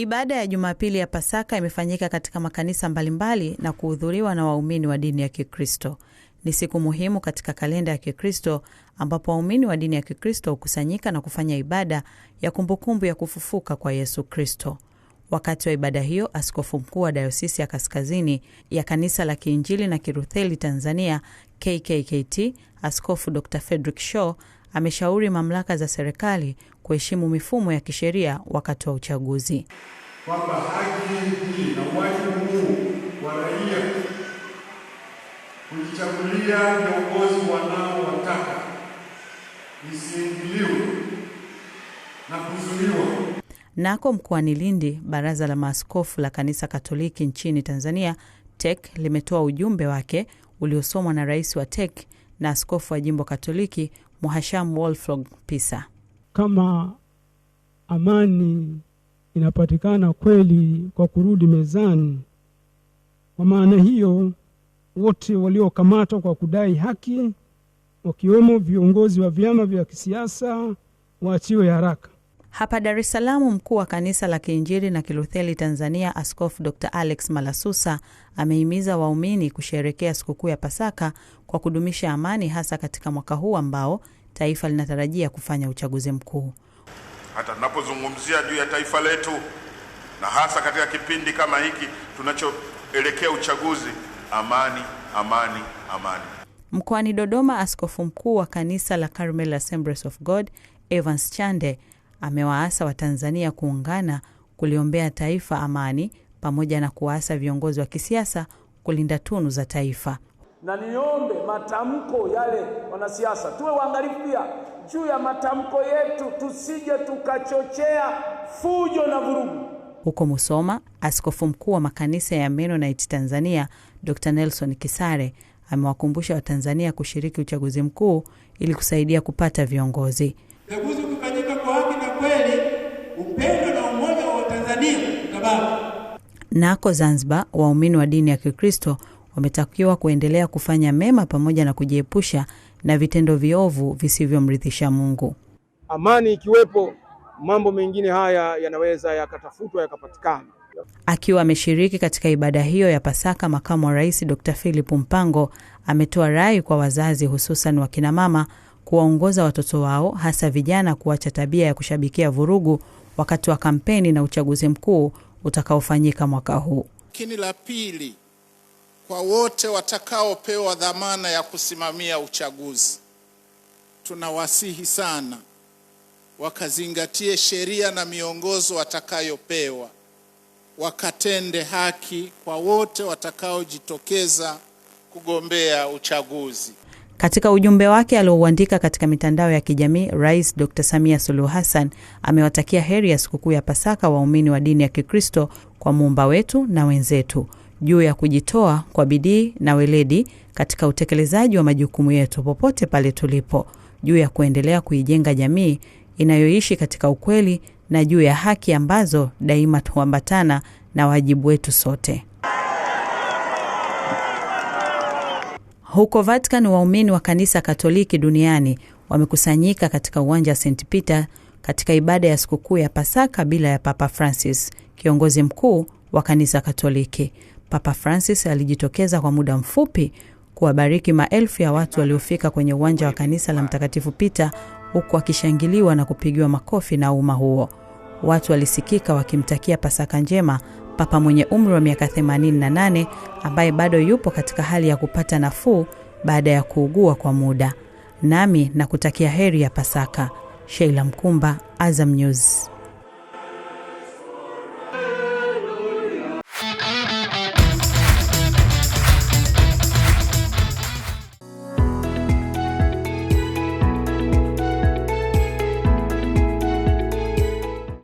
Ibada ya Jumapili ya Pasaka imefanyika katika makanisa mbalimbali na kuhudhuriwa na waumini wa dini ya Kikristo. Ni siku muhimu katika kalenda ya Kikristo ambapo waumini wa dini ya Kikristo hukusanyika na kufanya ibada ya kumbukumbu ya kufufuka kwa Yesu Kristo. Wakati wa ibada hiyo, askofu mkuu wa dayosisi ya kaskazini ya kanisa la Kiinjili na Kirutheli Tanzania, KKKT, Askofu Dr Fredrick Shaw ameshauri mamlaka za serikali kuheshimu mifumo ya kisheria wakati wa uchaguzi, kwamba haki hii na wajibu huu wa raia kujichagulia viongozi wanaowataka isiingiliwe na kuzuliwa Nako mkoani Lindi, baraza la maaskofu la kanisa Katoliki nchini Tanzania, tek limetoa ujumbe wake uliosomwa na rais wa tek na askofu wa jimbo Katoliki Muhasham Wolflog Pisa. Kama amani inapatikana kweli kwa kurudi mezani, kwa maana hiyo wote waliokamatwa kwa kudai haki wakiwemo viongozi wa vyama vya kisiasa waachiwe haraka. Hapa Dar es Salaam, mkuu wa kanisa la Kiinjili na kilutheli Tanzania, Askofu Dr Alex Malasusa amehimiza waumini kusherekea sikukuu ya Pasaka kwa kudumisha amani, hasa katika mwaka huu ambao taifa linatarajia kufanya uchaguzi mkuu. Hata tunapozungumzia juu ya taifa letu na hasa katika kipindi kama hiki tunachoelekea uchaguzi, amani, amani, amani. Mkoani Dodoma, askofu mkuu wa kanisa la Carmel Assemblies of God Evans Chande amewaasa Watanzania kuungana kuliombea taifa amani pamoja na kuwaasa viongozi wa kisiasa kulinda tunu za taifa. Na niombe matamko yale, wanasiasa tuwe waangalifu pia juu ya matamko yetu, tusije tukachochea fujo na vurugu. Huko Musoma, askofu mkuu wa makanisa ya menonit Tanzania Dr. Nelson Kisare amewakumbusha Watanzania kushiriki uchaguzi mkuu ili kusaidia kupata viongozi. Chaguzi Nako Zanzibar, waumini wa dini ya Kikristo wametakiwa kuendelea kufanya mema pamoja na kujiepusha na vitendo viovu visivyomridhisha Mungu. Amani ikiwepo, mambo mengine haya yanaweza yakatafutwa yakapatikana. Akiwa ameshiriki katika ibada hiyo ya Pasaka, makamu wa rais Dr. Philip Mpango ametoa rai kwa wazazi, hususan wakina mama, kuwaongoza watoto wao, hasa vijana, kuacha tabia ya kushabikia vurugu wakati wa kampeni na uchaguzi mkuu utakaofanyika mwaka huu. Lakini la pili, kwa wote watakaopewa dhamana ya kusimamia uchaguzi, tunawasihi sana wakazingatie sheria na miongozo watakayopewa, wakatende haki kwa wote watakaojitokeza kugombea uchaguzi. Katika ujumbe wake aliouandika katika mitandao ya kijamii, Rais Dr Samia Suluhu Hassan amewatakia heri ya sikukuu ya Pasaka waumini wa dini ya Kikristo kwa muumba wetu na wenzetu juu ya kujitoa kwa bidii na weledi katika utekelezaji wa majukumu yetu popote pale tulipo, juu ya kuendelea kuijenga jamii inayoishi katika ukweli na juu ya haki ambazo daima tuambatana na wajibu wetu sote. Huko Vatican, waumini wa kanisa Katoliki duniani wamekusanyika katika uwanja wa St Peter katika ibada ya sikukuu ya Pasaka bila ya Papa Francis, kiongozi mkuu wa kanisa Katoliki. Papa Francis alijitokeza kwa muda mfupi kuwabariki maelfu ya watu waliofika kwenye uwanja wa kanisa la Mtakatifu Pita, huku akishangiliwa na kupigiwa makofi na umma huo. Watu walisikika wakimtakia Pasaka njema Papa mwenye umri wa miaka 88 ambaye bado yupo katika hali ya kupata nafuu baada ya kuugua kwa muda. Nami na kutakia heri ya Pasaka. Sheila Mkumba, Azam News.